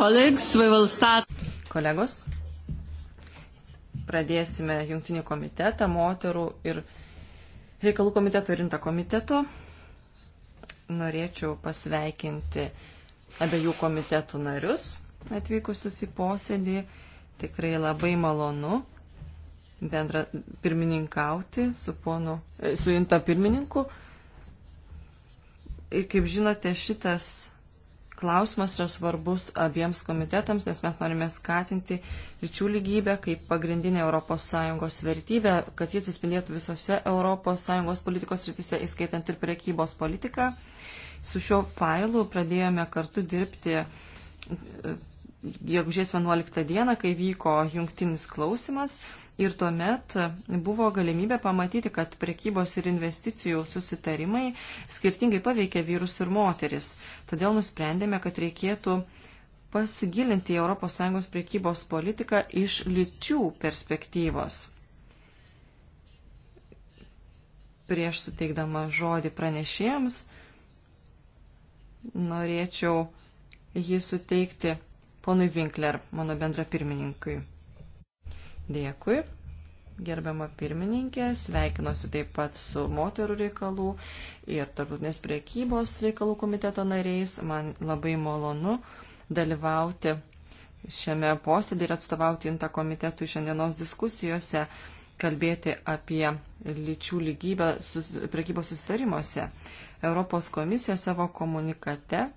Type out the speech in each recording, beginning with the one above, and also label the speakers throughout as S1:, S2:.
S1: Kolegos, pradėsime jungtinį komitetą moterų ir reikalų komiteto ir rinta komiteto. Norėčiau pasveikinti abiejų komitetų narius atvykusius į posėdį. Tikrai labai malonu bendra pirmininkauti su ponu, e, su junta pirmininku. Ir kaip žinote, šitas klausimas yra svarbus abiems komitetams, nes mes norime skatinti lyčių lygybę kaip pagrindinę ES vertybę, kad jie atsispindėtų visose ES politikos rytise, įskaitant ir priekybos politiką. Su šiuo failu pradėjome kartu dirbti e, gegužės 11 dieną, kai vyko jungtinis klausimas Ir tuomet buvo galimybė pamatyti, kad prekybos ir investicijų susitarimai skirtingai paveikia vyrus ir moteris. Todėl nusprendėme, kad reikėtų pasigilinti į ES prekybos politiką iš lyčių perspektyvos. Prieš suteikdama žodį pranešėjams, norėčiau jį suteikti ponui Winkler, mano bendra pirmininkui. Dėkui gerbiama pirmininkė, sveikinuosi taip pat su moterų reikalų ir tarptautinės priekybos reikalų komiteto nariais. Man labai malonu dalyvauti šiame posėdį ir atstovauti intą komitetui šiandienos diskusijose, kalbėti apie lyčių lygybę sus, priekybos sustarimuose. Europos komisija savo komunikate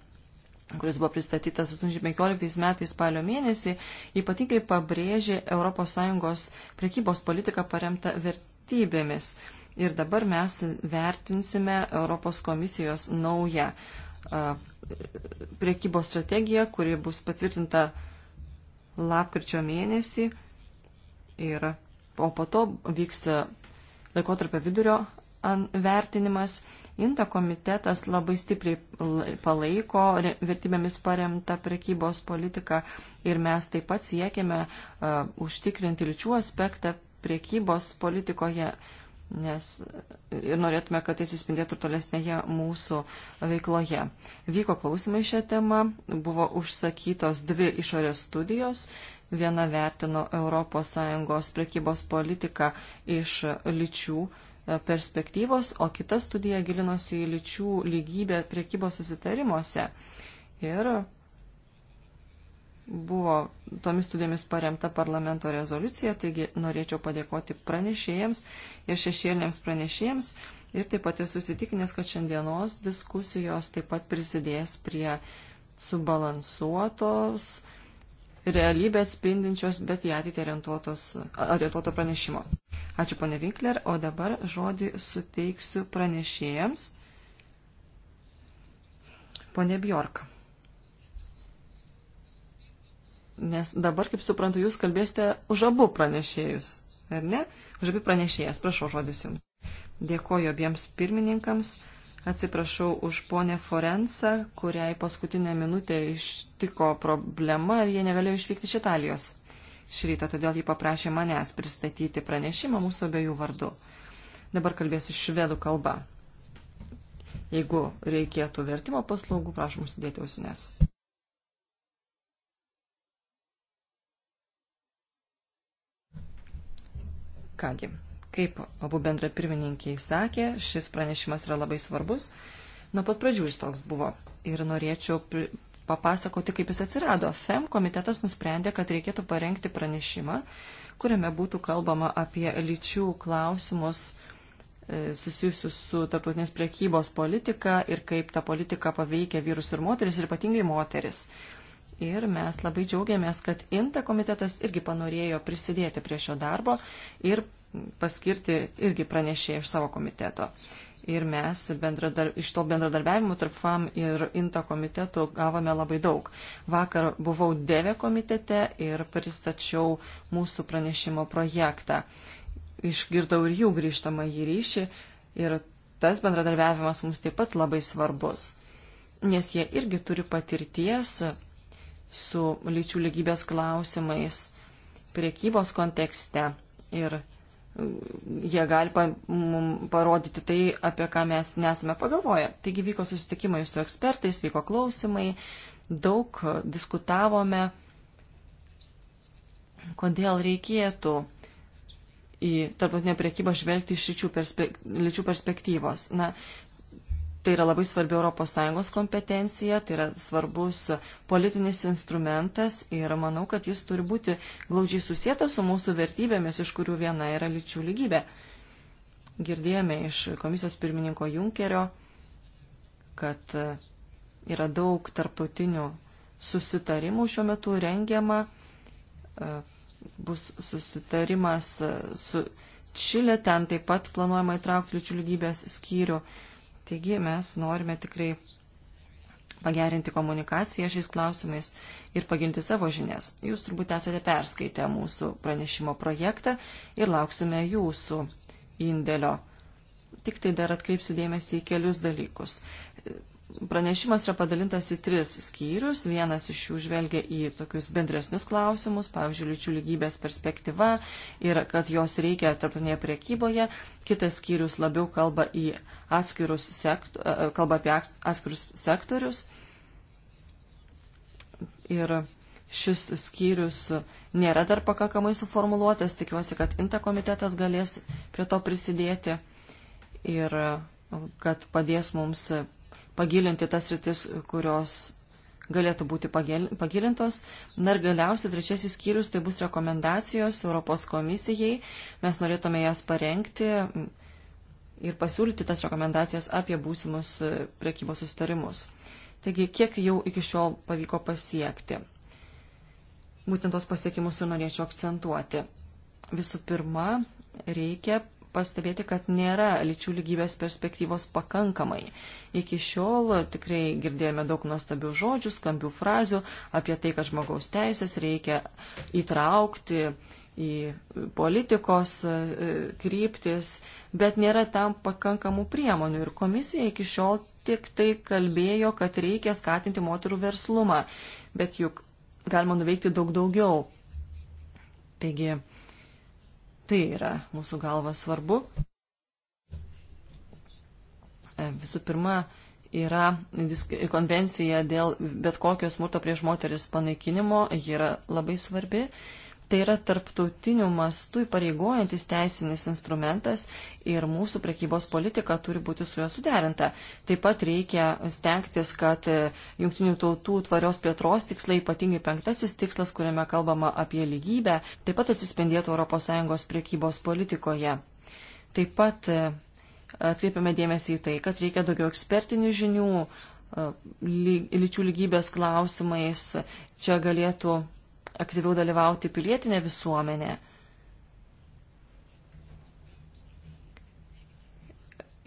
S1: kuris buvo pristatytas 2015 metais spalio mėnesį, ypatingai pabrėžė ES prekybos politiką paremtą vertybėmis. Ir dabar mes vertinsime Europos komisijos naują a, prekybos strategiją, kuri bus patvirtinta lapkričio mėnesį. Ir, o po to vyks laikotarpio vidurio vertinimas Inta komitetas labai stipriai palaiko vertybėmis paremta prekybos politika ir mes taip pat siekiame uh, užtikrinti lyčių aspektą prekybos politikoje, nes ir norėtume, kad tai atsispindėtų tolesnėje mūsų veikloje. Vyko klausimai šią temą, buvo užsakytos dvi išorės studijos. Viena vertino ES prekybos politiką iš lyčių perspektyvos, o kita studija gilinosi į lyčių lygybę priekybos susitarimuose. Ir buvo tomis studijomis paremta parlamento rezoliucija, taigi norėčiau padėkoti pranešėjams ir šešėliniams pranešėjams. Ir taip pat esu įsitikinęs, kad šiandienos diskusijos taip pat prisidės prie subalansuotos, uh, realybę atspindinčios, bet į ateitį orientuoto pranešimo. Ačiū, ponė Winkler, o dabar žodį suteiksiu pranešėjams. Pone Bjork. Nes dabar, kaip suprantu, jūs kalbėsite už abu pranešėjus, ar ne? Už abi pranešėjas, prašau žodis jums. Dėkoju abiems pirmininkams. Atsiprašau už ponę Forensą, kuriai paskutinę minutę ištiko problema ir jie negalėjo išvykti iš Italijos. Šį rytą todėl jį paprašė manęs pristatyti pranešimą mūsų abiejų vardu. Dabar kalbėsiu švedų kalba. Jeigu reikėtų vertimo paslaugų, prašom sudėti ausines. Kągi, Kaip abu bendra pirmininkiai sakė, šis pranešimas yra labai svarbus. Nuo pat pradžių jis toks buvo. Ir norėčiau papasakoti, kaip jis atsirado. FEM komitetas nusprendė, kad reikėtų parengti pranešimą, kuriame būtų kalbama apie lyčių klausimus e, susijusius su tarptautinės priekybos politika ir kaip ta politika paveikia vyrus ir moteris, ir ypatingai moteris. Ir mes labai džiaugiamės, kad INTA komitetas irgi panorėjo prisidėti prie šio darbo ir paskirti irgi pranešė iš savo komiteto. Ir mes bendradar, iš to bendradarbiavimo tarp FAM ir INTA komitetų gavome labai daug. Vakar buvau DEVE komitete ir pristačiau mūsų pranešimo projektą. Išgirdau ir jų grįžtamą į ryšį ir tas bendradarbiavimas mums taip pat labai svarbus, nes jie irgi turi patirties su lyčių lygybės klausimais priekybos kontekste ir jie gali pa, mum parodyti tai, apie ką mes nesame pagalvoję. Taigi vyko susitikimai su ekspertais, vyko klausimai, daug diskutavome, kodėl reikėtų į tarptautinę priekybą žvelgti iš lyčių perspek lyčių perspektyvos. Na, Tai yra labai svarbi ES kompetencija, tai yra svarbus politinis instrumentas ir manau, kad jis turi būti glaudžiai susijęs su mūsų vertybėmis, iš kurių viena yra lyčių lygybė. Girdėjome iš komisijos pirmininko Junkerio, kad yra daug tarptautinių susitarimų šiuo metu rengiama, bus susitarimas su Čilė, ten taip pat planuojama įtraukti lyčių lygybės skyrių. Taigi mes norime tikrai pagerinti komunikaciją šiais klausimais ir paginti savo žinias. Jūs turbūt esate perskaitę mūsų pranešimo projektą ir lauksime jūsų indėlio. Tik tai dar atkreipsiu dėmesį į kelius dalykus pranešimas yra padalintas į tris skyrius. Vienas iš jų žvelgia į tokius bendresnius klausimus, pavyzdžiui, lyčių lygybės perspektyva ir kad jos reikia tarptautinėje priekyboje. Kitas skyrius labiau kalba, atskirus sekt, e, e, kalba apie atskirus sektorius. Ir šis skyrius nėra dar pakankamai suformuluotas, tikiuosi, kad INTA komitetas galės prie to prisidėti ir e, kad padės mums pagilinti tas rytis, kurios galėtų būti pagilintos. Dar galiausiai trečiasis skyrius tai bus rekomendacijos Europos komisijai. Mes norėtume jas parengti ir pasiūlyti tas rekomendacijas apie būsimus priekybos sustarimus. Taigi, kiek jau iki šiol pavyko pasiekti? Būtent tos pasiekimus ir norėčiau akcentuoti. Visų pirma, reikia pastebėti, kad nėra lyčių lygybės perspektyvos pakankamai. Iki šiol tikrai girdėjome daug nuostabių žodžių, skambių frazių apie tai, kad žmogaus teisės reikia įtraukti į politikos e, kryptis, bet nėra tam pakankamų priemonių. Ir komisija iki šiol tik tai kalbėjo, kad reikia skatinti moterų verslumą, bet juk galima nuveikti daug daugiau. Taigi, Tai yra mūsų galva svarbu. E, visų pirma, yra konvencija dėl bet kokio smurto prieš moteris panaikinimo, ji yra labai svarbi. Tai yra tarptautinių mastų įpareigojantis teisinis instrumentas ir mūsų prekybos politika turi būti su juo suderinta. Taip pat reikia stengtis, kad e, jungtinių tautų tvarios plėtros tikslai, ypatingai penktasis tikslas, kuriame kalbama apie lygybę, taip pat atsispindėtų ES prekybos politikoje. Taip pat e, atkreipiame dėmesį į tai, kad reikia daugiau ekspertinių žinių e, lyčių lygybės klausimais. Čia galėtų aktyviau dalyvauti pilietinė visuomenė.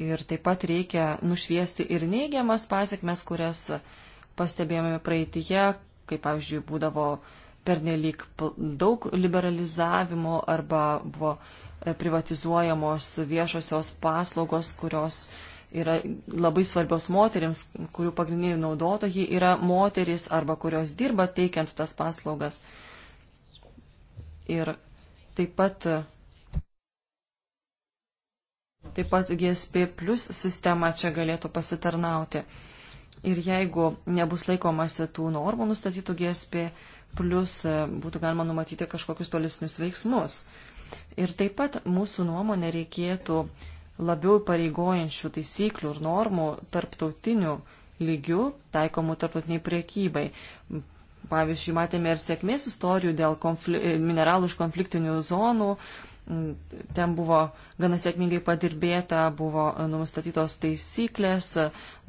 S1: Ir taip pat reikia nušviesti ir neigiamas pasiekmes, kurias pastebėjome praeitįje, kaip pavyzdžiui būdavo pernelyg daug liberalizavimo arba buvo privatizuojamos viešosios paslaugos, kurios uh, yra labai svarbios moteriams, kurių pagrindiniai naudotojai yra moteris arba kurios dirba teikiant tas paslaugas. Ir taip pat, taip pat GSP plus sistema čia galėtų pasitarnauti. Ir jeigu nebus laikomasi tų normų nustatytų GSP plus, būtų galima numatyti kažkokius tolesnius veiksmus. Ir taip pat mūsų nuomonė reikėtų labiau pareigojančių taisyklių ir normų tarptautinių lygių taikomų tarptautiniai priekybai. Pavyzdžiui, matėme ir sėkmės istorijų dėl konfli mineralų iš konfliktinių zonų. Ten buvo gana sėkmingai padirbėta, buvo nustatytos taisyklės,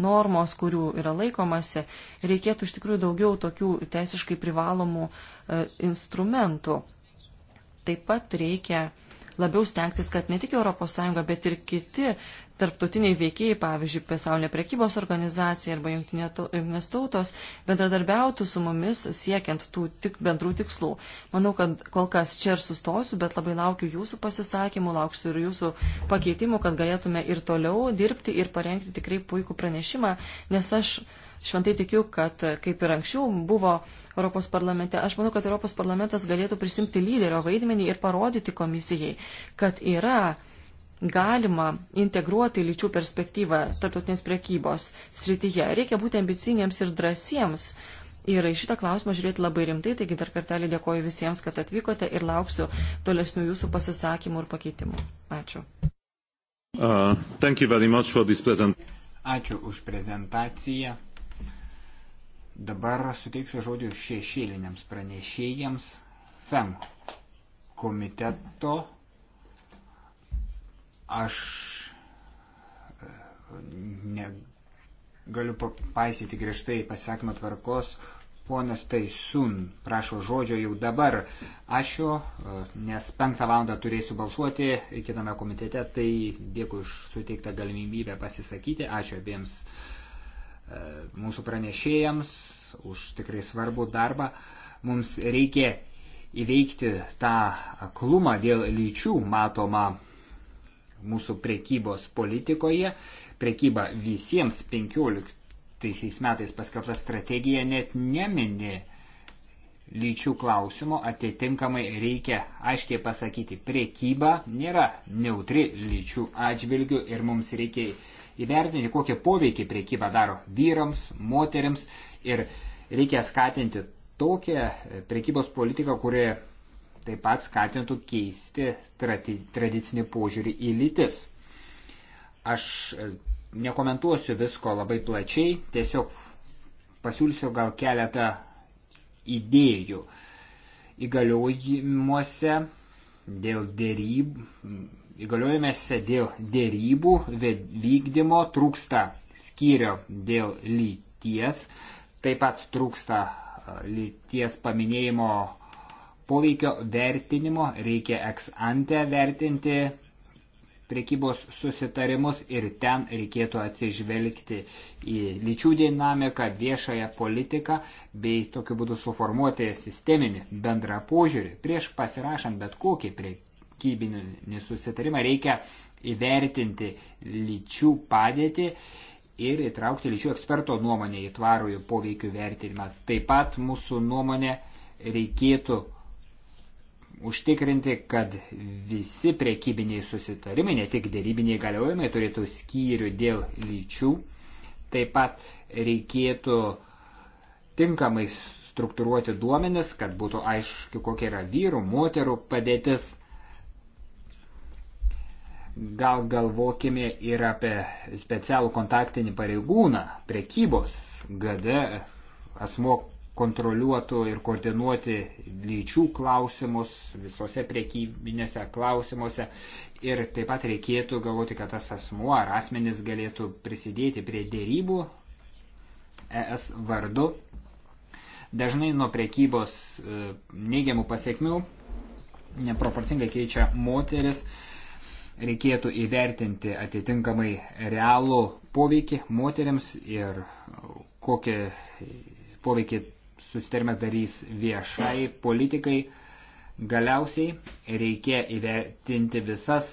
S1: normos, kurių yra laikomasi. Reikėtų iš tikrųjų daugiau tokių teisiškai privalomų e, instrumentų. Taip pat reikia uh, labiau stengtis, kad ne tik ES, bet ir kiti tarptautiniai veikėjai, pavyzdžiui, pasaulio prekybos organizacija arba jungtinės tautos, bendradarbiautų su mumis siekiant tų tik bendrų tikslų. Manau, kad kol kas čia ir sustosiu, bet labai laukiu jūsų pasisakymų, lauksiu ir jūsų pakeitimų, kad galėtume ir toliau dirbti ir parengti tikrai puikų pranešimą, nes aš šventai tikiu, kad e, kaip ir anksčiau buvo Europos parlamente, aš manau, kad Europos parlamentas galėtų prisimti lyderio vaidmenį ir parodyti komisijai, kad yra galima integruoti lyčių perspektyvą tarptautinės priekybos srityje. Reikia būti ambicingiems ir drąsiems. Ir į šitą klausimą žiūrėti labai rimtai, taigi dar kartelį dėkoju visiems, kad atvykote ir lauksiu tolesnių jūsų pasisakymų ir pakeitimų. Ačiū. Uh,
S2: Ačiū už prezentaciją. Dabar suteiksiu žodį šešėliniams pranešėjams FEM komiteto. Aš e, negaliu paisyti griežtai pasakymo tvarkos. Ponas Taisun prašo žodžio jau dabar. Ačiū, e, nes penktą valandą turėsiu balsuoti kitame komitete, tai dėkui už suteiktą galimybę pasisakyti. Ačiū abiems uh, E, mūsų pranešėjams už tikrai svarbų darbą. Mums reikia įveikti tą aklumą dėl lyčių matomą mūsų prekybos politikoje. Prekyba visiems 15 metais paskelbta strategija net nemini lyčių klausimo, atitinkamai reikia aiškiai pasakyti, prekyba nėra neutri lyčių atžvilgių ir mums reikia įvertinti, kokią poveikį priekyba daro vyrams, moteriams ir reikia skatinti tokią priekybos politiką, kuri taip pat skatintų keisti tradicinį požiūrį į lytis. Aš e, nekomentuosiu visko labai plačiai, tiesiog pasiūlysiu gal keletą idėjų įgaliojimuose dėl dėryb, įgaliojimėse dėl dėrybų vykdymo trūksta skyrio dėl lyties, taip pat trūksta lyties paminėjimo poveikio vertinimo, reikia ex ante vertinti priekybos susitarimus ir ten reikėtų atsižvelgti į lyčių dinamiką, viešąją politiką bei tokiu būdu suformuoti sisteminį bendrą požiūrį prieš pasirašant bet kokį priekybą prekybinį susitarimą reikia įvertinti lyčių padėtį ir įtraukti lyčių eksperto nuomonę į tvarųjų poveikių vertinimą. Taip pat mūsų nuomonė reikėtų užtikrinti, kad visi prekybiniai susitarimai, ne tik dėrybiniai galiojimai, turėtų skyrių dėl lyčių. Taip pat reikėtų tinkamai struktūruoti duomenis, kad būtų aišku, kokia yra vyrų, moterų padėtis. Gal galvokime ir apie specialų kontaktinį pareigūną, prekybos GD, asmo kontroliuotų ir koordinuoti lyčių klausimus visose priekybinėse klausimuose. Ir taip pat reikėtų galvoti, kad tas asmuo ar asmenis galėtų prisidėti prie dėrybų ES vardu. Dažnai nuo priekybos e, neigiamų pasiekmių neproporcingai keičia moteris. E, reikėtų įvertinti atitinkamai realų poveikį moteriams ir kokį poveikį susitarimas darys viešai politikai. Galiausiai reikia įvertinti visas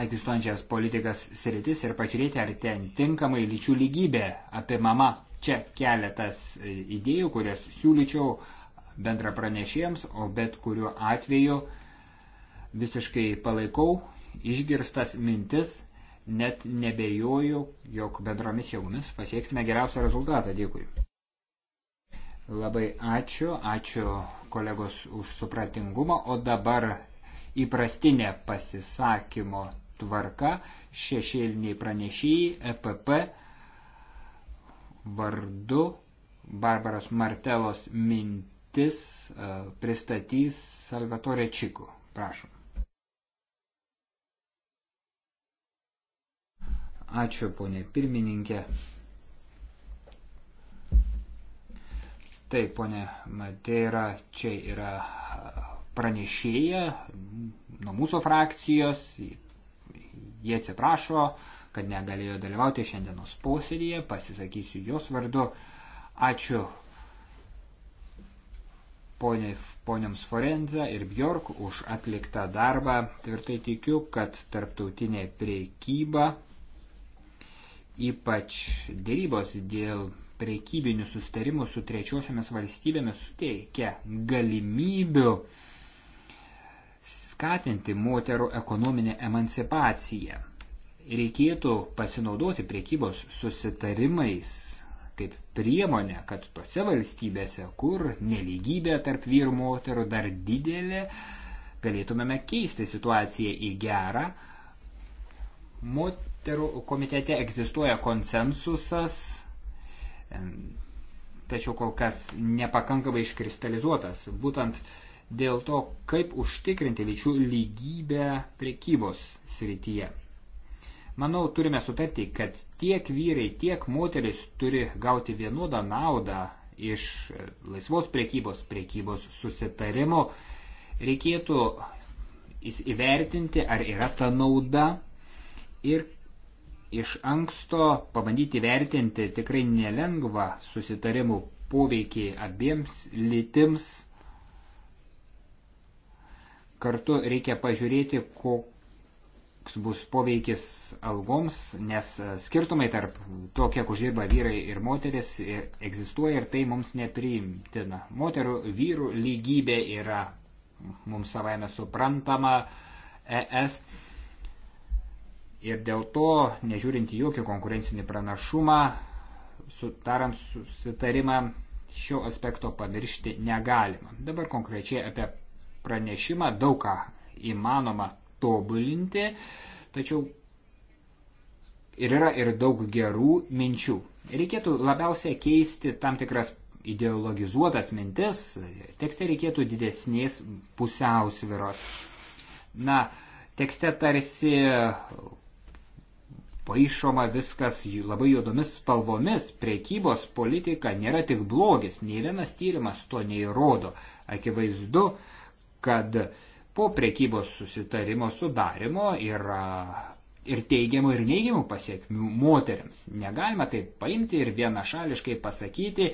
S2: egzistuojančias politikas sritis ir pažiūrėti, ar ten tinkamai lyčių lygybė apimama. Čia keletas idėjų, kurias siūlyčiau bendra pranešėjams, o bet kuriuo atveju visiškai palaikau išgirstas mintis, net nebejoju, jog bendromis jėgomis pasieksime geriausią rezultatą. Dėkui. Labai ačiū, ačiū kolegos už supratingumą, o dabar įprastinė pasisakymo tvarka, šešėliniai pranešėjai, EPP vardu Barbaros Martelos mintis e, pristatys Salvatore Čiku. Prašom. Ačiū, ponė pirmininkė. Taip, ponė Mateira, čia yra pranešėja nuo mūsų frakcijos. Jie atsiprašo, kad negalėjo dalyvauti šiandienos posėdėje. Pasisakysiu jos vardu. Ačiū ponė, poniams Forenza ir Bjork už atliktą darbą. Tvirtai tikiu, kad tarptautinė priekyba Ypač dėrybos dėl prekybinių sustarimų su trečiosiomis valstybėmis suteikia galimybių skatinti moterų ekonominę emancipaciją. Reikėtų pasinaudoti priekybos susitarimais kaip priemonė, kad tose valstybėse, kur neligybė tarp vyrų moterų dar didelė, galėtumėme keisti situaciją į gerą. Mot komitete egzistuoja konsensusas, tačiau kol kas nepakankamai iškristalizuotas, būtent dėl to, kaip užtikrinti lyčių lygybę prekybos srityje. Manau, turime sutarti, kad tiek vyrai, tiek moteris turi gauti vienodą naudą iš e, laisvos prekybos, prekybos susitarimo. Reikėtų įvertinti, ar yra ta nauda ir iš anksto pabandyti vertinti tikrai nelengva susitarimų poveikį abiems lytims. Kartu reikia pažiūrėti, koks bus poveikis algoms, nes skirtumai tarp to, kiek uždirba vyrai ir moteris, egzistuoja ir tai mums nepriimtina. Moterų vyrų lygybė yra mums savaime suprantama. ES Ir dėl to, nežiūrint jokį konkurencinį pranašumą, sutarant susitarimą, šio aspekto pamiršti negalima. Dabar konkrečiai apie pranešimą daug ką įmanoma tobulinti, tačiau ir yra ir daug gerų minčių. Reikėtų labiausiai keisti tam tikras ideologizuotas mintis, tekste reikėtų didesnės pusiausviros. Na, tekste tarsi paišoma viskas labai juodomis spalvomis, priekybos politika nėra tik blogis, nei vienas tyrimas to neįrodo. Akivaizdu, kad po priekybos susitarimo sudarimo yra ir teigiamų, ir neigiamų pasiekmių moteriams. Negalima taip paimti ir vienašališkai pasakyti,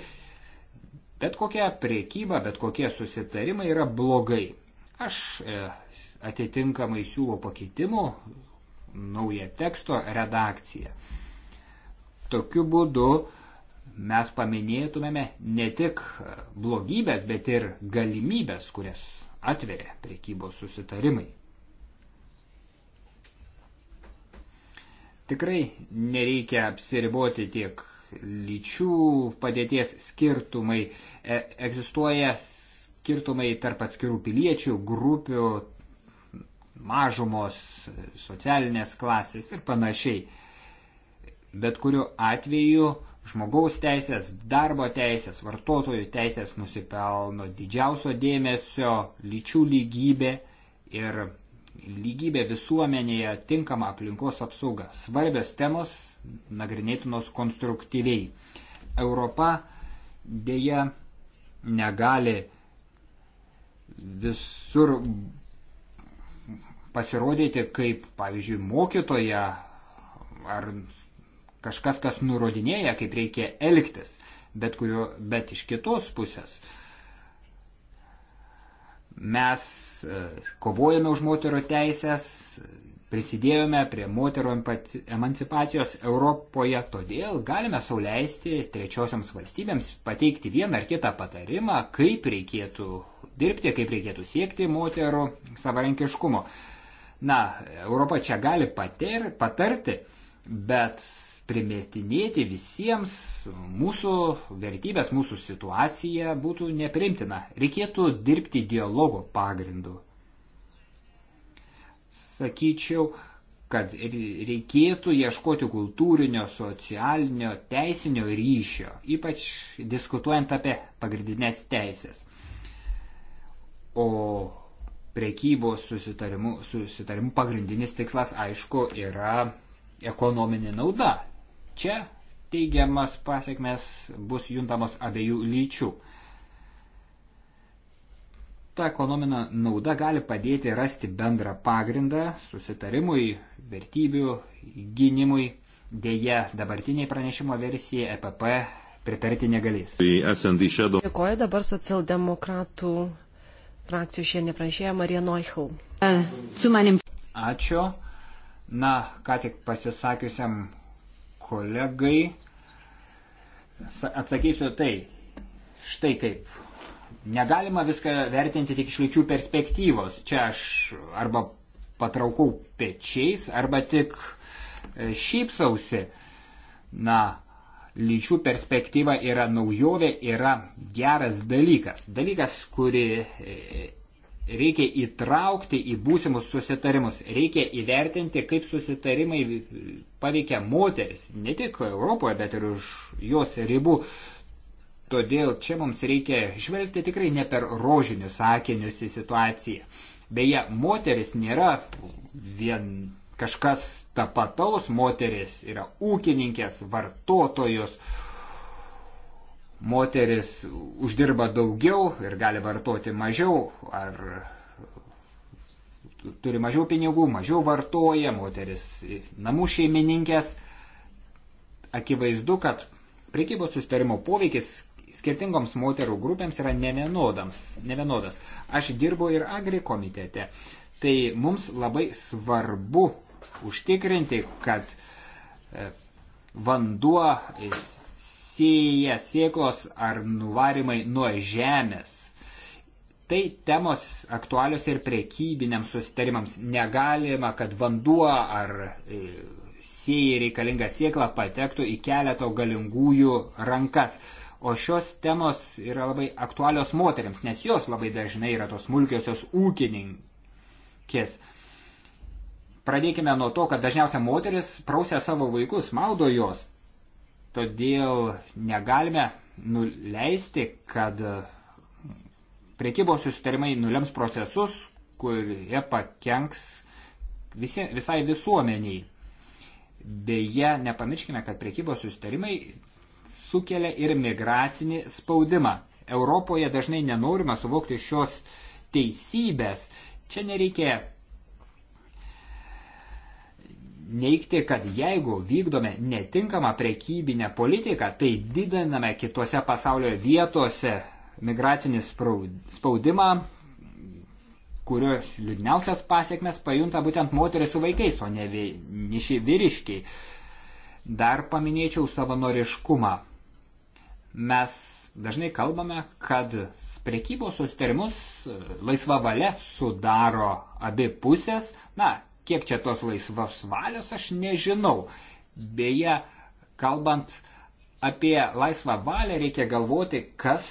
S2: bet kokia priekyba, bet kokie susitarimai yra blogai. Aš e, atitinkamai siūlau pakeitimų naują teksto redakciją. Tokiu būdu mes paminėtumėme ne tik blogybės, bet ir galimybės, kurias atveria priekybos susitarimai. Tikrai nereikia apsiriboti tiek lyčių padėties skirtumai, e egzistuoja skirtumai tarp atskirų piliečių, grupių, mažumos, socialinės klasės ir panašiai. Bet kuriu atveju žmogaus teisės, darbo teisės, vartotojų teisės nusipelno didžiausio dėmesio, lyčių lygybė ir lygybė visuomenėje, tinkama aplinkos apsauga. Svarbios temos nagrinėtinos konstruktyviai. Europa dėja negali visur pasirodyti kaip, pavyzdžiui, mokytoja ar kažkas, kas nurodinėja, kaip reikia elgtis, bet, kurio, bet iš kitos pusės mes e, kovojame už moterų teisės, prisidėjome prie moterų emancipacijos Europoje, todėl galime sauliaisti trečiosioms valstybėms pateikti vieną ar kitą patarimą, kaip reikėtų dirbti, kaip reikėtų siekti moterų savarankiškumo. Na, Europa čia gali pater, patarti, bet primetinėti visiems mūsų vertybės, mūsų situacija būtų neprimtina. Reikėtų dirbti dialogo pagrindu. Sakyčiau, kad reikėtų ieškoti kultūrinio, socialinio, teisinio ryšio, ypač diskutuojant apie pagrindinės teisės. O prekybos susitarimu, susitarimu pagrindinis tikslas, aišku, yra ekonominė nauda. Čia teigiamas pasiekmes bus juntamos abiejų lyčių. Ta ekonominė nauda gali padėti rasti bendrą pagrindą susitarimui, vertybių, gynimui. Deja, dabartiniai pranešimo versijai EPP pritarti negalės.
S1: Dėkoju
S3: dabar socialdemokratų frakcijų šiandien pranešėja Marija Noichel. Su manim.
S2: Ačiū. Na, ką tik pasisakiusiam kolegai atsakysiu tai. Štai kaip. Negalima viską vertinti tik iš lyčių perspektyvos. Čia aš arba patraukau pečiais, arba tik e, šypsausi. Na, lyčių perspektyva yra naujovė, yra geras dalykas. Dalykas, kurį e, reikia įtraukti į būsimus susitarimus. Reikia įvertinti, kaip susitarimai paveikia moteris, ne tik Europoje, bet ir už jos ribų. Todėl čia mums reikia žvelgti tikrai ne per rožinius akinius į situaciją. Beje, moteris nėra vien kažkas tapataus, moteris yra ūkininkės, vartotojos, moteris uždirba daugiau ir gali vartoti mažiau, ar turi mažiau pinigų, mažiau vartoja, moteris namų šeimininkės. Akivaizdu, kad priekybos sustarimo poveikis skirtingoms moterų grupėms yra nevienodas. Aš dirbu ir agri komitete. Tai mums labai svarbu užtikrinti, kad e, vanduo sėja sėklos ar nuvarimai nuo žemės. Tai temos aktualios ir priekybiniams susitarimams. Negalima, kad vanduo ar e, sėjai reikalinga sėkla patektų į keleto galingųjų rankas. O šios temos yra labai aktualios moteriams, nes jos labai dažnai yra tos smulkiosios ūkininkės. Pradėkime nuo to, kad dažniausiai moteris prausia savo vaikus, maudo juos. Todėl negalime nuleisti, kad priekybos susitarimai nulems procesus, kurie pakenks visi, visai visuomeniai. Beje, nepamirškime, kad priekybos susitarimai sukelia ir migracinį spaudimą. Europoje dažnai nenorima suvokti šios teisybės. Čia nereikia neikti, kad jeigu vykdome netinkamą prekybinę politiką, tai didiname kitose pasaulio vietose migracinį spaudimą, kurios liūdniausias pasiekmes pajunta būtent moteris su vaikais, o ne niši vyriškiai. Dar paminėčiau savanoriškumą. Mes dažnai kalbame, kad prekybos sustarimus laisva valia sudaro abi pusės. Na, Kiek čia tos laisvos valios, aš nežinau. Beje, kalbant apie laisvą valią, reikia galvoti, kas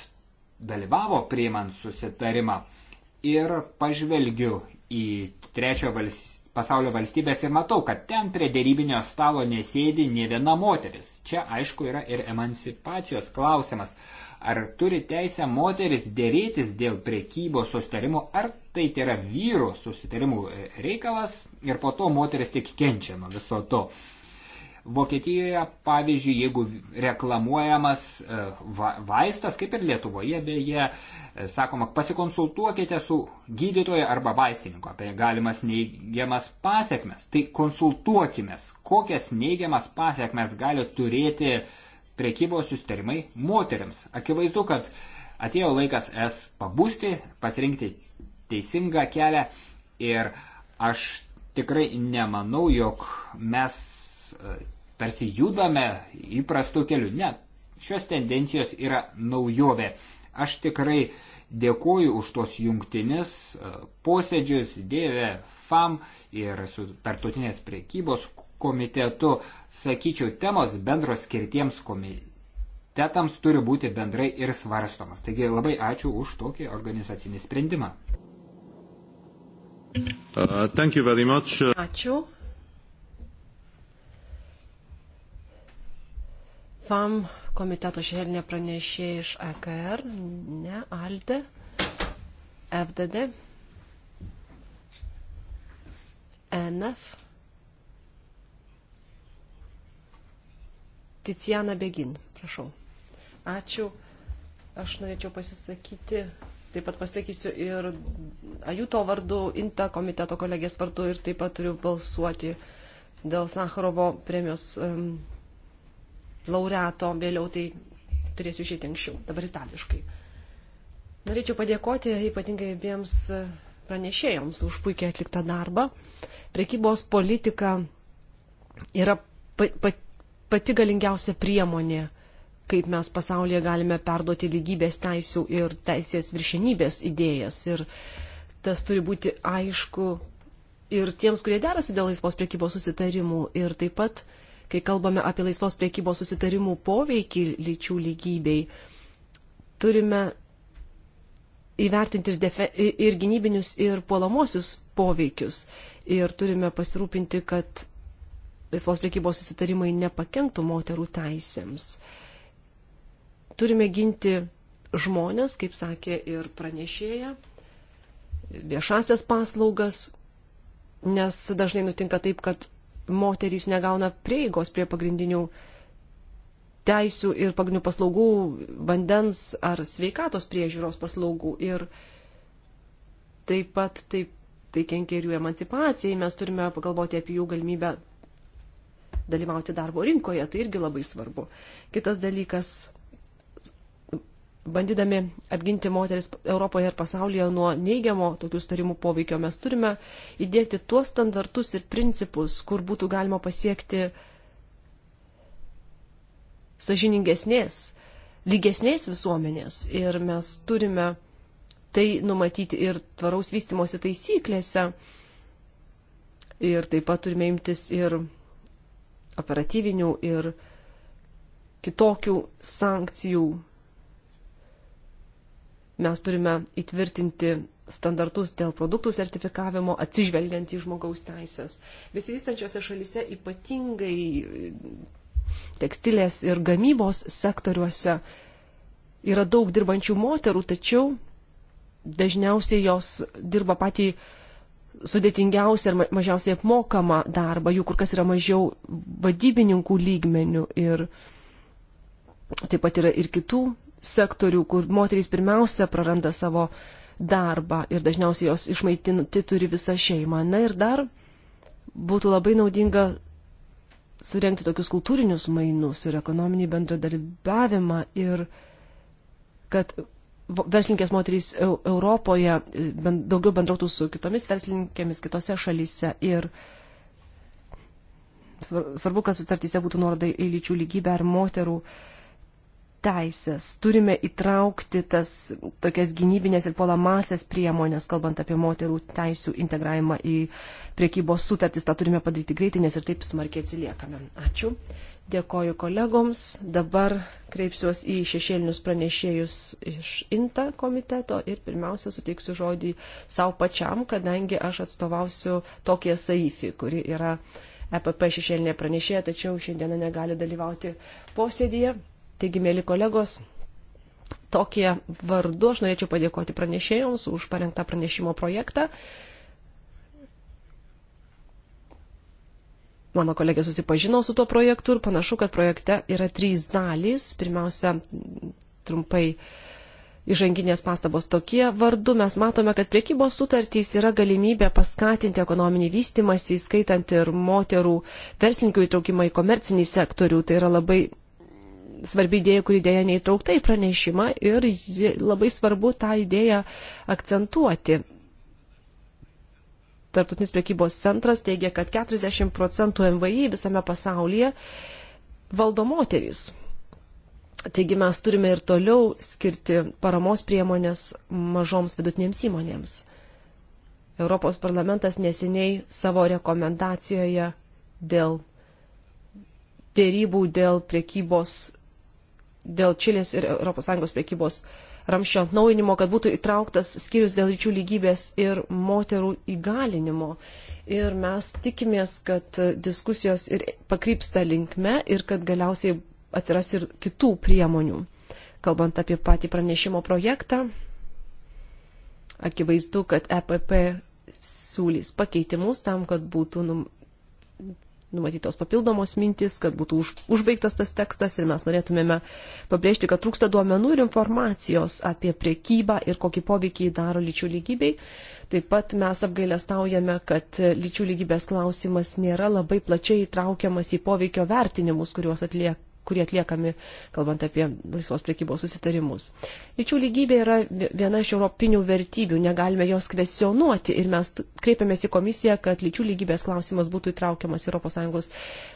S2: dalyvavo priimant susitarimą. Ir pažvelgiu į trečio valstybę pasaulio valstybės ir matau, kad ten prie dėrybinio stalo nesėdi ne viena moteris. Čia aišku yra ir emancipacijos klausimas. Ar turi teisę moteris dėrėtis dėl priekybos susitarimų, ar tai yra vyro susitarimų e, reikalas ir po to moteris tik kenčia nuo viso to. Vokietijoje, pavyzdžiui, jeigu reklamuojamas e, vaistas, kaip ir Lietuvoje, beje, e, sakoma, pasikonsultuokite su gydytoju arba vaistininku apie galimas neigiamas pasiekmes. Tai konsultuokime, kokias neigiamas pasiekmes gali turėti uh, priekybos sustarimai moteriams. Akivaizdu, kad atėjo laikas es pabūsti, pasirinkti teisingą kelią ir aš tikrai nemanau, jog mes e, tarsi judame įprastų kelių. Ne, šios tendencijos yra naujovė. Aš tikrai dėkoju už tos jungtinis e, posėdžius, dėvė FAM ir su tartutinės priekybos komitetu. Sakyčiau, temos bendros skirtiems komitetams turi būti bendrai ir svarstomas. Taigi labai ačiū už tokį organizacinį sprendimą.
S3: Uh, ačiū. FAM komiteto šešėlinė pranešė iš AKR, ne ALDE, FDD, NF. Ticiana Begin, prašau. Ačiū. Aš norėčiau pasisakyti, taip pat pasakysiu ir Ajuto vardu, Inta komiteto kolegės vardu ir taip pat turiu balsuoti dėl Sakharovo premijos um, laureato, vėliau tai turėsiu išėti anksčiau, dabar itališkai. Norėčiau padėkoti ypatingai abiems pranešėjams už puikiai atliktą darbą. Prekybos politika yra pa, pa, pati galingiausia priemonė, kaip mes pasaulyje galime perduoti lygybės teisų ir teisės viršenybės idėjas. Ir tas turi būti aišku ir tiems, kurie derasi dėl laisvos priekybos susitarimų. Ir taip pat, kai kalbame apie laisvos priekybos susitarimų poveikį lyčių lygybei, turime įvertinti ir, defe, ir gynybinius, ir puolamosius poveikius. Ir turime pasirūpinti, kad laisvos priekybos susitarimai nepakenktų moterų teisėms. Turime ginti žmonės, kaip sakė ir pranešėja, viešasias paslaugas, nes dažnai nutinka taip, kad moterys negauna prieigos prie pagrindinių teisių ir pagrindinių paslaugų, vandens ar sveikatos priežiūros paslaugų. Ir taip pat taip, tai kenkia ir jų emancipacijai. Mes turime pagalvoti apie jų galimybę dalyvauti darbo rinkoje, tai irgi labai svarbu. Kitas dalykas, bandydami apginti moteris Europoje ir pasaulyje nuo neigiamo tokių starimų poveikio, mes turime įdėkti tuos standartus ir principus, kur būtų galima pasiekti sažiningesnės, lygesnės visuomenės. Ir mes turime tai numatyti ir tvaraus vystimosi taisyklėse. Ir taip pat turime imtis ir operatyvinių ir kitokių sankcijų. Mes turime įtvirtinti standartus dėl produktų sertifikavimo atsižvelgiant į žmogaus teisės. Besivystančiose šalyse ypatingai tekstilės ir gamybos sektoriuose yra daug dirbančių moterų, tačiau dažniausiai jos dirba patį sudėtingiausią ir mažiausiai apmokamą darbą, jų kur kas yra mažiau vadybininkų lygmenių ir taip pat yra ir kitų sektorių, kur moterys pirmiausia praranda savo darbą ir dažniausiai jos išmaitinti turi visą šeimą. Na ir dar būtų labai naudinga surenkti tokius kultūrinius mainus ir ekonominį bendradarbiavimą ir kad verslininkės moterys Europoje e, daugiau bendrautų su kitomis verslininkėmis kitose šalyse ir svarbu, kad sutartyse būtų nuorodai į lyčių lygybę ar moterų uh, teisės. Turime įtraukti tas tokias gynybinės ir polamasias priemonės, kalbant apie moterų teisų integravimą į priekybos sutartis. Ta turime padaryti greitai, nes ir taip smarkiai atsiliekame. Ačiū. Dėkoju kolegoms. Dabar kreipsiuos į šešėlinius pranešėjus iš INTA komiteto ir pirmiausia suteiksiu žodį savo pačiam, kadangi aš atstovausiu tokią Saifį, kuri yra EPP šešėlinė pranešėja, tačiau šiandieną negali dalyvauti posėdėje. Taigi, mėly kolegos, tokie vardu aš norėčiau padėkoti pranešėjoms už parengtą pranešimo projektą. Mano kolegė susipažino su tuo projektu ir panašu, kad projekte yra trys dalys. Pirmiausia, trumpai Įžanginės pastabos tokie vardu mes matome, kad priekybos sutartys yra galimybė paskatinti ekonominį vystimąsi, įskaitant ir moterų verslininkų įtraukimą į komercinį sektorių. Tai yra labai svarbi idėja, kuri dėja neįtraukta į pranešimą ir labai svarbu tą idėją akcentuoti. Tartutinis priekybos centras teigia, kad 40 procentų MVI visame pasaulyje valdo moterys. Taigi mes turime ir toliau skirti paramos priemonės mažoms vidutinėms įmonėms. Europos parlamentas neseniai savo rekomendacijoje dėl dėrybų dėl priekybos dėl Čilės ir ES priekybos ramščio atnaujinimo, kad būtų įtrauktas skyrius dėl lyčių lygybės ir moterų įgalinimo. Ir mes tikimės, kad diskusijos ir pakrypsta linkme ir kad galiausiai atsiras ir kitų priemonių. Kalbant apie patį pranešimo projektą, akivaizdu, kad EPP siūlys pakeitimus tam, kad būtų num numatytos papildomos mintis, kad būtų už, užbaigtas tas tekstas ir mes norėtumėme pabrėžti, kad trūksta duomenų ir informacijos apie priekybą ir kokį poveikį daro lyčių lygybei. Taip pat mes apgailestaujame, kad lyčių lygybės klausimas nėra labai plačiai įtraukiamas į poveikio vertinimus, kuriuos atlieka kurie atliekami, kalbant apie laisvos priekybos susitarimus. Lyčių lygybė yra viena iš europinių vertybių, negalime jos kvesionuoti ir mes kreipiamės į komisiją, kad lyčių lygybės klausimas būtų įtraukiamas ES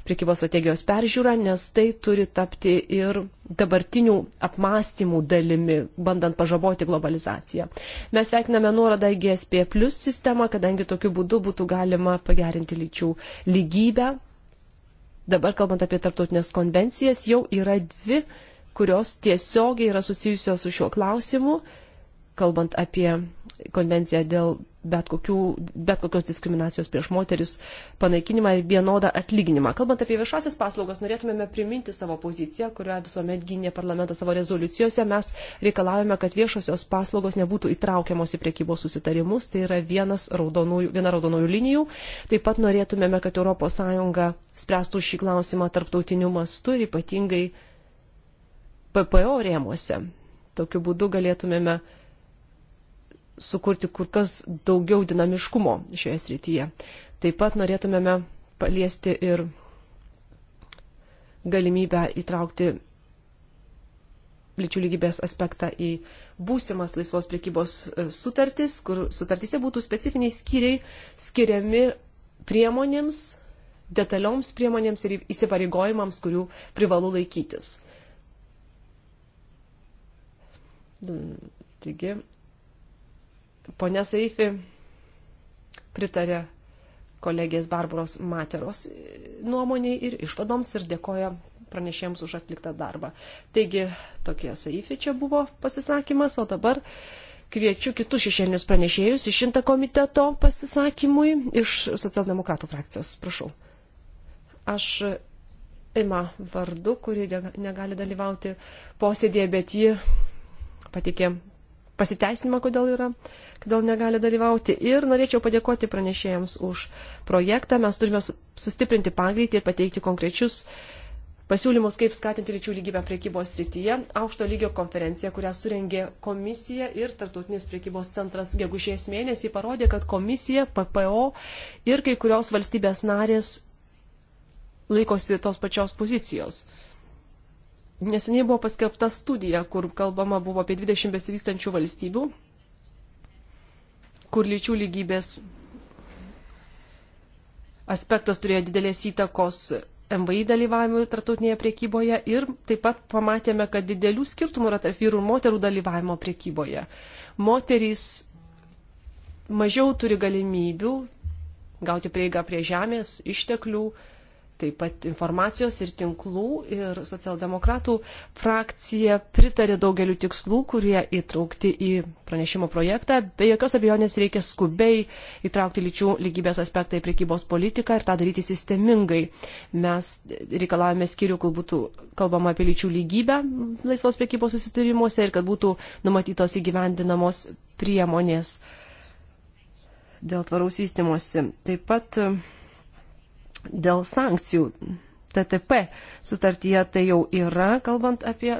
S3: priekybos strategijos peržiūrą, nes tai turi tapti ir dabartinių apmąstymų dalimi, bandant pažaboti globalizaciją. Mes sveikiname nuorodą į GSP plus sistemą, kadangi tokiu būdu būtų galima pagerinti lyčių lygybę Dabar, kalbant apie tarptautinės konvencijas, jau yra dvi, kurios tiesiogiai yra susijusios su šiuo klausimu, kalbant apie konvenciją dėl bet, kokių, bet kokios diskriminacijos prieš moteris panaikinimą ir vienodą atlyginimą. Kalbant apie viešasis paslaugas, norėtumėme priminti savo poziciją, kurią visuomet gynė parlamentas savo rezoliucijose. Mes reikalavome, kad viešosios paslaugos nebūtų įtraukiamos į priekybos susitarimus. Tai yra raudonųjų, viena raudonųjų linijų. Taip pat norėtumėme, kad ES spręstų šį klausimą tarptautiniu mastu ir ypatingai PPO rėmuose. Tokiu būdu galėtumėme sukurti kur kas daugiau dinamiškumo šioje srityje. Taip pat norėtumėme paliesti ir galimybę įtraukti lyčių lygybės aspektą į būsimas laisvos priekybos e, sutartis, kur sutartise būtų specifiniai skyriai skiriami priemonėms, detalioms priemonėms ir įsipareigojimams, kurių privalu laikytis. Taigi, Pone Saifi pritarė kolegės Barbaros Materos nuomoniai ir išvadoms ir dėkoja pranešėjams už atliktą darbą. Taigi, tokie Saifi čia buvo pasisakymas, o dabar kviečiu kitus šešėlinius pranešėjus iš šimtą komiteto pasisakymui iš socialdemokratų frakcijos. Prašau. Aš Ima vardu, kuri negali dalyvauti posėdėje, bet ji patikė pasiteisinimą, kodėl yra, kodėl negali dalyvauti. Ir norėčiau padėkoti pranešėjams už projektą. Mes turime sustiprinti pagreitį ir pateikti konkrečius pasiūlymus, kaip skatinti lyčių lygybę priekybos srityje. Aukšto lygio konferencija, kurią surengė komisija ir Tartutinis priekybos centras gegužės mėnesį, parodė, kad komisija, PPO ir kai kurios valstybės narės laikosi tos pačios pozicijos. Neseniai buvo paskelbta studija, kur kalbama buvo apie 20 besivystančių valstybių, kur lyčių lygybės aspektas turėjo didelės įtakos MVI dalyvavimui tarptautinėje priekyboje ir taip pat pamatėme, kad didelių skirtumų yra tarp vyrų ir moterų dalyvavimo priekyboje. Moterys mažiau turi galimybių gauti prieigą prie žemės, išteklių, taip pat informacijos ir tinklų ir socialdemokratų frakcija pritarė daugeliu tikslų, kurie įtraukti į pranešimo projektą. Be jokios abejonės reikia skubiai įtraukti lyčių lygybės aspektą į priekybos politiką ir tą daryti sistemingai. Mes reikalavome skirių, kad būtų kalbama apie lyčių lygybę laisvos priekybos susitarimuose ir kad būtų numatytos įgyvendinamos priemonės dėl tvaraus vystimosi. Taip pat dėl sankcijų. TTP sutartyje tai jau yra, kalbant apie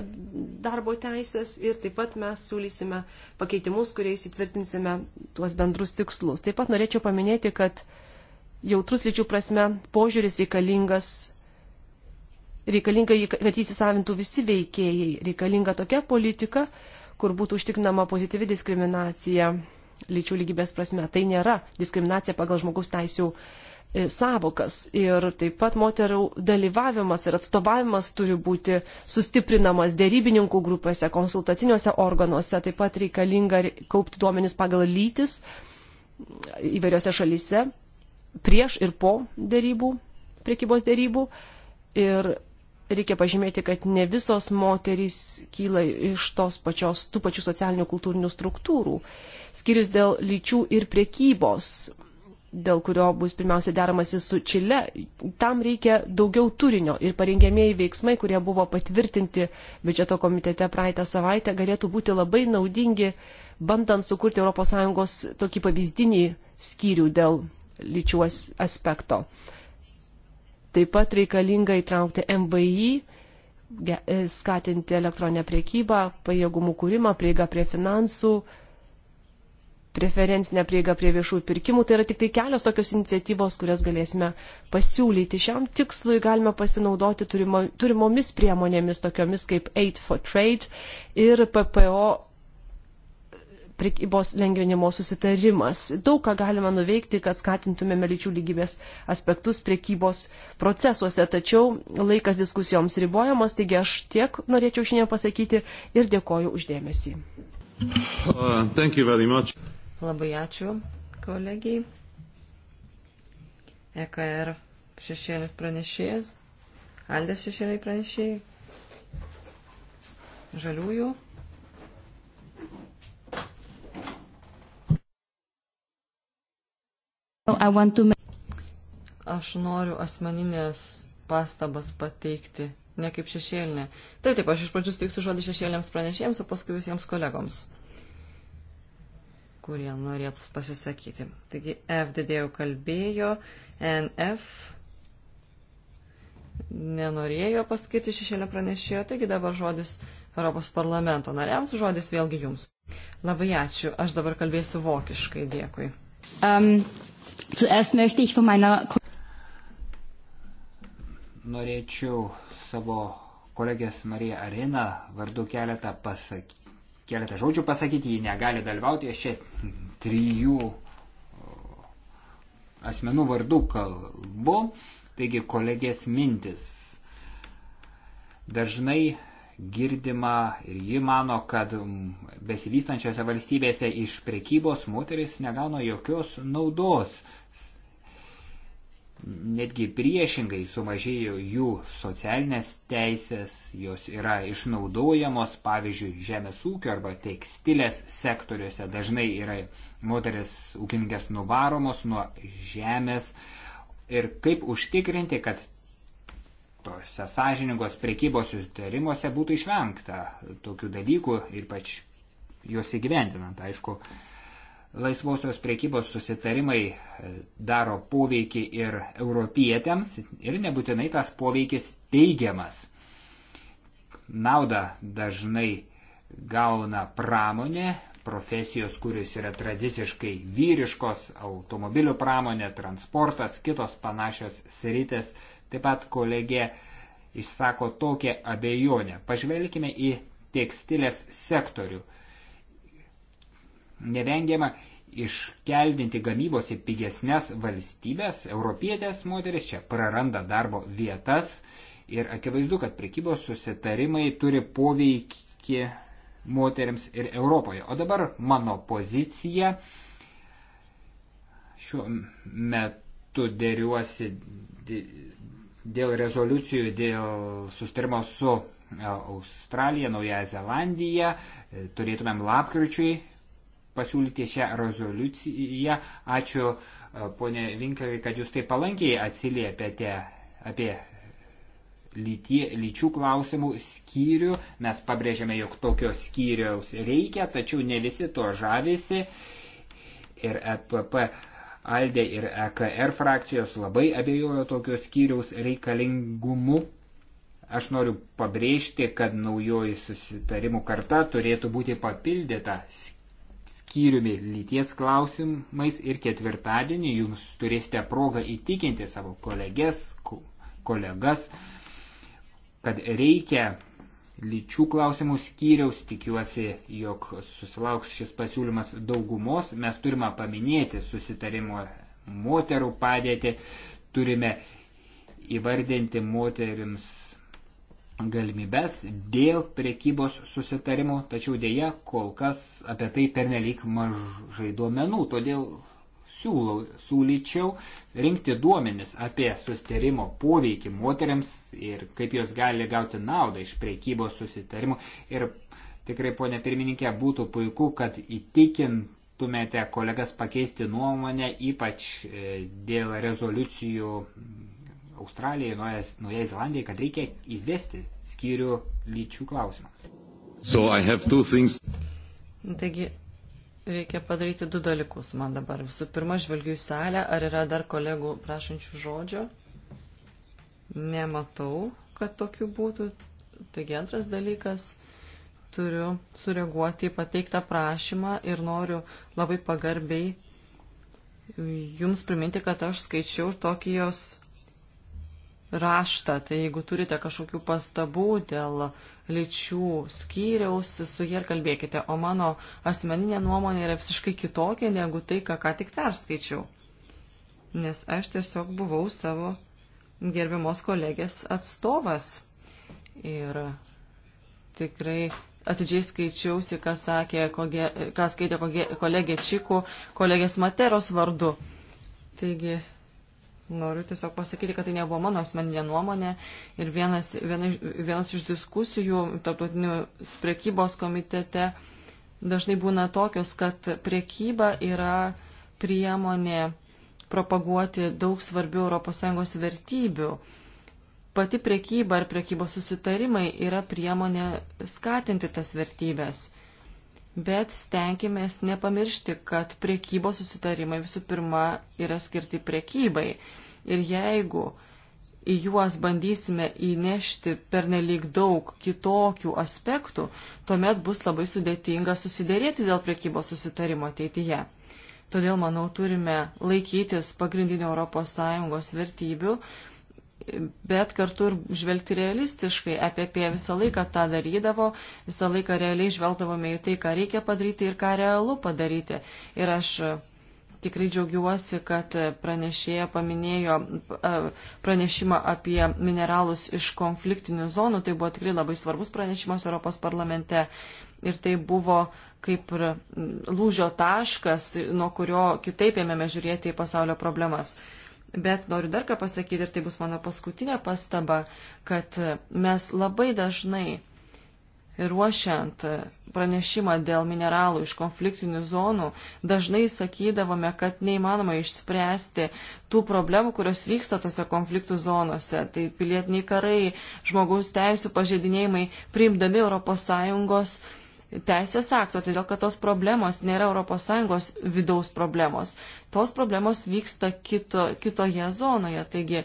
S3: darbo teisės ir taip pat mes siūlysime pakeitimus, kuriais įtvirtinsime tuos bendrus tikslus. Taip pat norėčiau paminėti, kad jautrus lyčių prasme požiūris reikalingas, reikalinga, kad įsisavintų visi veikėjai, reikalinga tokia politika, kur būtų užtikrinama pozityvi diskriminacija lyčių lygybės prasme. Tai nėra diskriminacija pagal žmogaus teisų E, savokas. Ir taip pat moterų dalyvavimas ir atstovavimas turi būti sustiprinamas dėrybininkų grupėse, konsultaciniuose organuose, taip pat reikalinga kaupti duomenis pagal lytis įvairiose šalyse prieš ir po dėrybų, priekybos dėrybų. Ir reikia pažymėti, kad ne visos moterys kyla iš tos pačios, tų pačių socialinių kultūrinių struktūrų. Skirius dėl lyčių ir priekybos dėl kurio bus pirmiausia deramasi su Čile, tam reikia daugiau turinio ir parengėmėjai veiksmai, kurie buvo patvirtinti biudžeto komitete praeitą savaitę, galėtų būti labai naudingi, bandant sukurti ES tokį pavyzdinį skyrių dėl lyčių aspekto. Taip pat reikalinga įtraukti MVI, skatinti elektroninę priekybą, pajėgumų kūrimą, prieigą prie finansų, preferencinę prieigą prie viešųjų pirkimų. Tai yra tik tai kelios tokios iniciatyvos, kurias galėsime pasiūlyti. Šiam tikslui galime pasinaudoti turimo, turimomis priemonėmis, tokiomis kaip Aid for Trade ir PPO prekybos lengvinimo susitarimas. Daug ką galima nuveikti, kad skatintumėme lyčių lygybės aspektus prekybos procesuose, tačiau laikas diskusijoms ribojamas, taigi aš tiek norėčiau šiandien pasakyti ir dėkoju uždėmesį.
S1: Uh, Labai ačiū kolegijai. EKR er šešėlis pranešėjas. Aldės šešėliai pranešėjai. Žaliųjų. Aš noriu asmeninės pastabas pateikti, ne kaip šešėlinė. Taip, taip, aš iš pradžių steiksiu žodį šešėlėms pranešėjams, o paskui visiems kolegoms kurie norėtų pasisakyti. Taigi FDD jau kalbėjo, NF nenorėjo paskirti šešėlio pranešėjo, taigi dabar žodis Europos parlamento nariams, žodis vėlgi jums. Labai ačiū, aš dabar kalbėsiu vokiškai, dėkui.
S3: Um, meiner...
S1: Norėčiau
S2: savo kolegės Marija Arena vardu keletą pasakyti keletą žodžių pasakyti, ji negali dalyvauti, aš čia trijų asmenų vardų kalbu, taigi kolegės mintis. Dažnai girdima ir ji mano, kad besivystančiose valstybėse iš prekybos moteris negauna jokios naudos netgi priešingai sumažėjo jų socialinės teisės, jos yra išnaudojamos, pavyzdžiui, žemės ūkio arba tekstilės sektoriuose dažnai yra moteris ūkininkės nuvaromos nuo žemės ir kaip užtikrinti, kad tose sąžiningos prekybos sutarimuose būtų išvengta tokių dalykų, ypač juos įgyvendinant, aišku, laisvosios priekybos susitarimai e, daro poveikį ir europietėms ir nebūtinai tas poveikis teigiamas. Naudą dažnai gauna pramonė, profesijos, kuris yra tradiciškai vyriškos, automobilių pramonė, transportas, kitos panašios sritis. Taip pat kolegė išsako tokią abejonę. Pažvelkime į tekstilės sektorių nevengiama iškeldinti gamybos į pigesnės valstybės, europietės moteris čia praranda darbo vietas ir akivaizdu, kad prekybos susitarimai turi poveikį moteriams ir Europoje. O dabar mano pozicija. Šiuo metu dėriuosi dėl rezoliucijų, dėl sustarimo su e, Australija, Nauja Zelandija. E, turėtumėm lapkričiui pasiūlyti šią rezoliuciją. Ačiū, e, ponė Vinkarai, kad jūs taip palankiai atsiliepėte apie lytie, lyčių klausimų skyrių. Mes pabrėžiame, jog tokio skyriaus reikia, tačiau ne visi to žavisi. Ir EPP, ALDE ir EKR frakcijos labai abejojo tokio skyriaus reikalingumu. Aš noriu pabrėžti, kad naujoji susitarimų karta turėtų būti papildyta skyriaus skyriumi lyties klausimais ir ketvirtadienį jums turėsite progą įtikinti savo kolegės, kolegas, kad reikia lyčių klausimų skyriaus, tikiuosi, jog susilauks šis pasiūlymas daugumos, mes turime paminėti susitarimo moterų padėtį, turime įvardinti moterims galimybes dėl prekybos susitarimų, tačiau dėja kol kas apie tai pernelyg mažai duomenų, todėl siūlau, siūlyčiau rinkti duomenis apie susitarimo poveikį moteriams ir kaip jos gali gauti naudą iš prekybos susitarimų. Ir tikrai, ponė pirmininkė, būtų puiku, kad įtikintumėte kolegas pakeisti nuomonę, ypač e, dėl rezoliucijų Australijai, Naujai Zelandijai, kad reikia įvesti skyrių lyčių klausimams.
S3: So
S1: nu, Taigi, reikia padaryti du dalykus man dabar. Visų pirma, žvelgiu į salę, ar yra dar kolegų prašančių žodžio. Nematau, kad tokių būtų. Taigi, antras dalykas turiu sureaguoti į pateiktą prašymą ir noriu labai pagarbiai Jums priminti, kad aš skaičiau Tokijos raštą, tai jeigu turite kažkokių pastabų dėl lyčių skyriaus, su jie ir kalbėkite, o mano asmeninė nuomonė yra visiškai kitokia negu tai, ką ką tik perskaičiau. Nes aš tiesiog buvau savo gerbiamos kolegės atstovas. Ir tikrai atidžiai skaičiausi, ką, sakė, kogie, ką skaitė kogie, kolegė Čikų, kolegės Materos vardu. Taigi Noriu tiesiog pasakyti, kad tai nebuvo mano asmeninė nuomonė ir vienas, viena, vienas iš diskusijų tarptautinių prekybos komitete dažnai būna tokios, kad prekyba yra priemonė propaguoti daug svarbių ES vertybių. Pati prekyba ar prekybos susitarimai yra priemonė skatinti tas vertybės bet stengiamės nepamiršti, kad priekybos susitarimai visų pirma yra skirti priekybai. Ir jeigu į juos bandysime įnešti pernelyg daug kitokių aspektų, tuomet bus labai sudėtinga susidėrėti dėl priekybos susitarimo ateityje. Todėl, manau, turime laikytis pagrindinių ES vertybių bet kartu ir žvelgti realistiškai. EPP visą laiką tą darydavo, visą laiką realiai žvelgdavome į tai, ką reikia padaryti ir ką realu padaryti. Ir aš e, tikrai džiaugiuosi, kad pranešėja paminėjo e, pranešimą apie mineralus iš konfliktinių zonų. Tai buvo tikrai labai svarbus pranešimas Europos parlamente. Ir tai buvo kaip ir lūžio taškas, nuo kurio kitaip ėmėme žiūrėti į pasaulio problemas. Uh, Bet noriu dar ką pasakyti, ir tai bus mano paskutinė pastaba, kad mes labai dažnai ruošiant pranešimą dėl mineralų iš konfliktinių zonų, dažnai sakydavome, kad neįmanoma išspręsti tų problemų, kurios vyksta tose konfliktų zonose. Tai pilietiniai karai, žmogaus teisų pažeidinėjimai, priimdami ES teisės akto, todėl kad tos problemos nėra ES vidaus problemos. Tos problemos vyksta kito, kitoje zonoje, taigi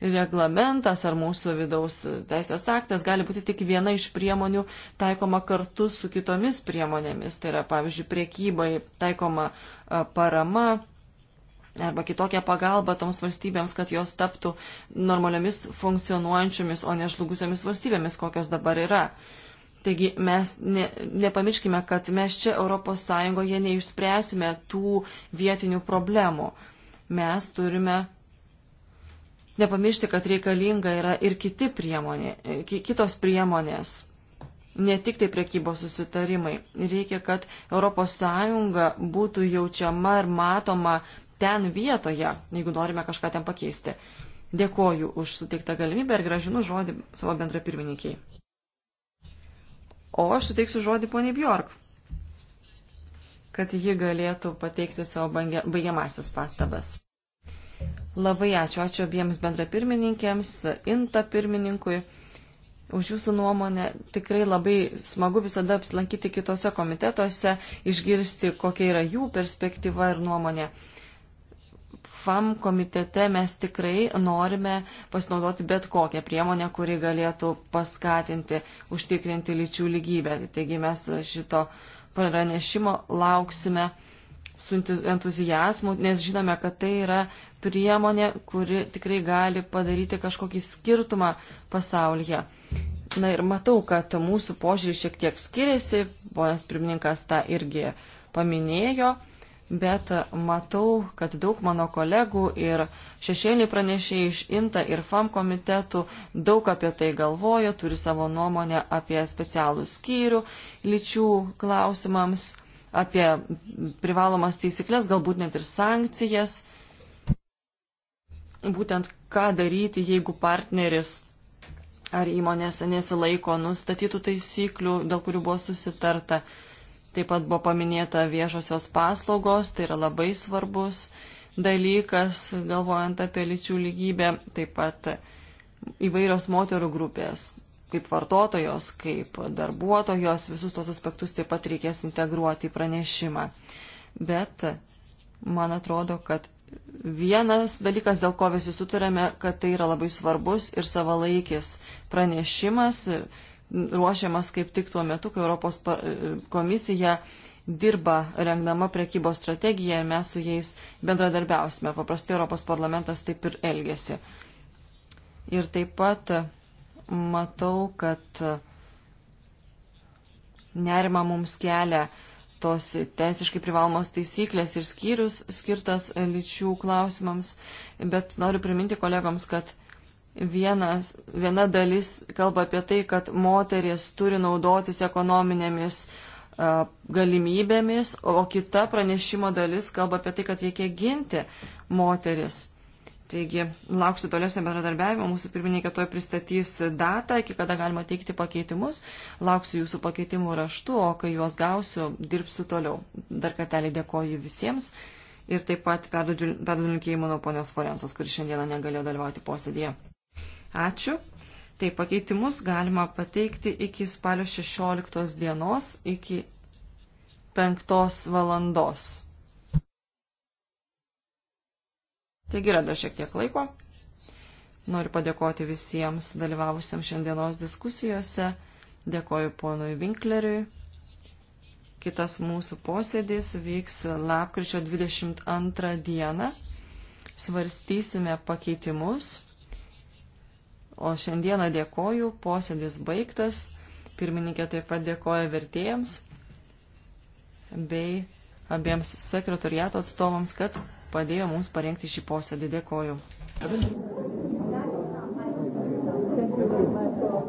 S1: reglamentas ar mūsų vidaus teisės aktas gali būti tik viena iš priemonių taikoma kartu su kitomis priemonėmis. Tai yra, pavyzdžiui, priekybai taikoma parama arba kitokią pagalbą toms valstybėms, kad jos taptų normaliomis funkcionuojančiomis, o ne žlugusiamis valstybėmis, kokios dabar yra. Uh, Taigi mes ne, nepamirškime, kad mes čia ES neišspręsime tų vietinių problemų. Mes turime nepamiršti, kad reikalinga yra ir kiti priemonė, kitos priemonės, ne tik tai prekybos susitarimai. Reikia, kad ES būtų jaučiama ir matoma ten vietoje, jeigu norime kažką ten pakeisti. Dėkoju už suteiktą galimybę ir gražinu žodį savo bendrapirmininkiai. O aš suteiksiu žodį poniai Bjork, kad ji galėtų pateikti savo baigiamasis pastabas. Labai ačiū, ačiū abiems bendrapirmininkėms, INTA pirmininkui už jūsų nuomonę. Tikrai labai smagu visada apsilankyti kitose komitetuose, išgirsti, kokia yra jų perspektyva ir nuomonė. Uh, FAM komitete mes tikrai norime pasinaudoti bet kokią priemonę, kuri galėtų paskatinti, užtikrinti lyčių lygybę. Taigi mes šito pranešimo lauksime su entuzijazmu, nes žinome, kad tai yra priemonė, kuri tikrai gali padaryti kažkokį skirtumą pasaulyje. Na ir matau, kad mūsų požiūrį šiek tiek skiriasi, ponas pirmininkas tą irgi paminėjo bet matau, kad daug mano kolegų ir šešėliai pranešėjai iš INTA ir FAM komitetų daug apie tai galvoja, turi savo nuomonę apie specialų skyrių lyčių klausimams, apie privalomas taisyklės, galbūt net ir sankcijas. Būtent ką daryti, jeigu partneris ar įmonės nesilaiko nustatytų taisyklių, dėl kurių buvo susitarta. Uh, Taip pat buvo paminėta viešosios paslaugos, tai yra labai svarbus dalykas, galvojant apie lyčių lygybę, taip pat įvairios moterų grupės, kaip vartotojos, kaip darbuotojos, visus tos aspektus taip pat reikės integruoti į pranešimą. Bet man atrodo, kad vienas dalykas, dėl ko visi sutarėme, kad tai yra labai svarbus ir savalaikis pranešimas, ruošiamas kaip tik tuo metu, kai Europos komisija dirba rengdama prekybos strategiją ir mes su jais bendradarbiausime. Paprastai Europos parlamentas taip ir elgesi. Ir taip pat matau, kad nerima mums kelia tos teisiškai privalomos taisyklės ir skyrius skirtas lyčių klausimams, bet noriu priminti kolegoms, kad Vienas, viena dalis kalba apie tai, kad moteris turi naudotis ekonominėmis a, galimybėmis, o kita pranešimo dalis kalba apie tai, kad reikia ginti moteris. Taigi, lauksiu tolesnio bendradarbiavimo, mūsų pirmininkė toj pristatys datą, iki kada galima teikti pakeitimus, lauksiu jūsų pakeitimų raštu, o kai juos gausiu, dirbsiu toliau. Dar kartelį dėkoju visiems ir taip pat perdulinkėjimą nuo ponios Forensos, kuris šiandieną negalėjo dalyvauti posėdėje. Ačiū. Tai pakeitimus galima pateikti iki spalio 16 dienos, iki 5 valandos. Taigi yra dar šiek tiek laiko. Noriu padėkoti visiems dalyvavusiems šiandienos diskusijose. Dėkoju ponui Winkleriui. Kitas mūsų posėdis vyks lapkričio 22 dieną. Svarstysime pakeitimus O šiandieną dėkoju, posėdis baigtas, pirmininkė taip pat dėkoja vertėjams bei abiems sekretoriato atstovams, kad padėjo mums parengti šį posėdį. Dėkoju.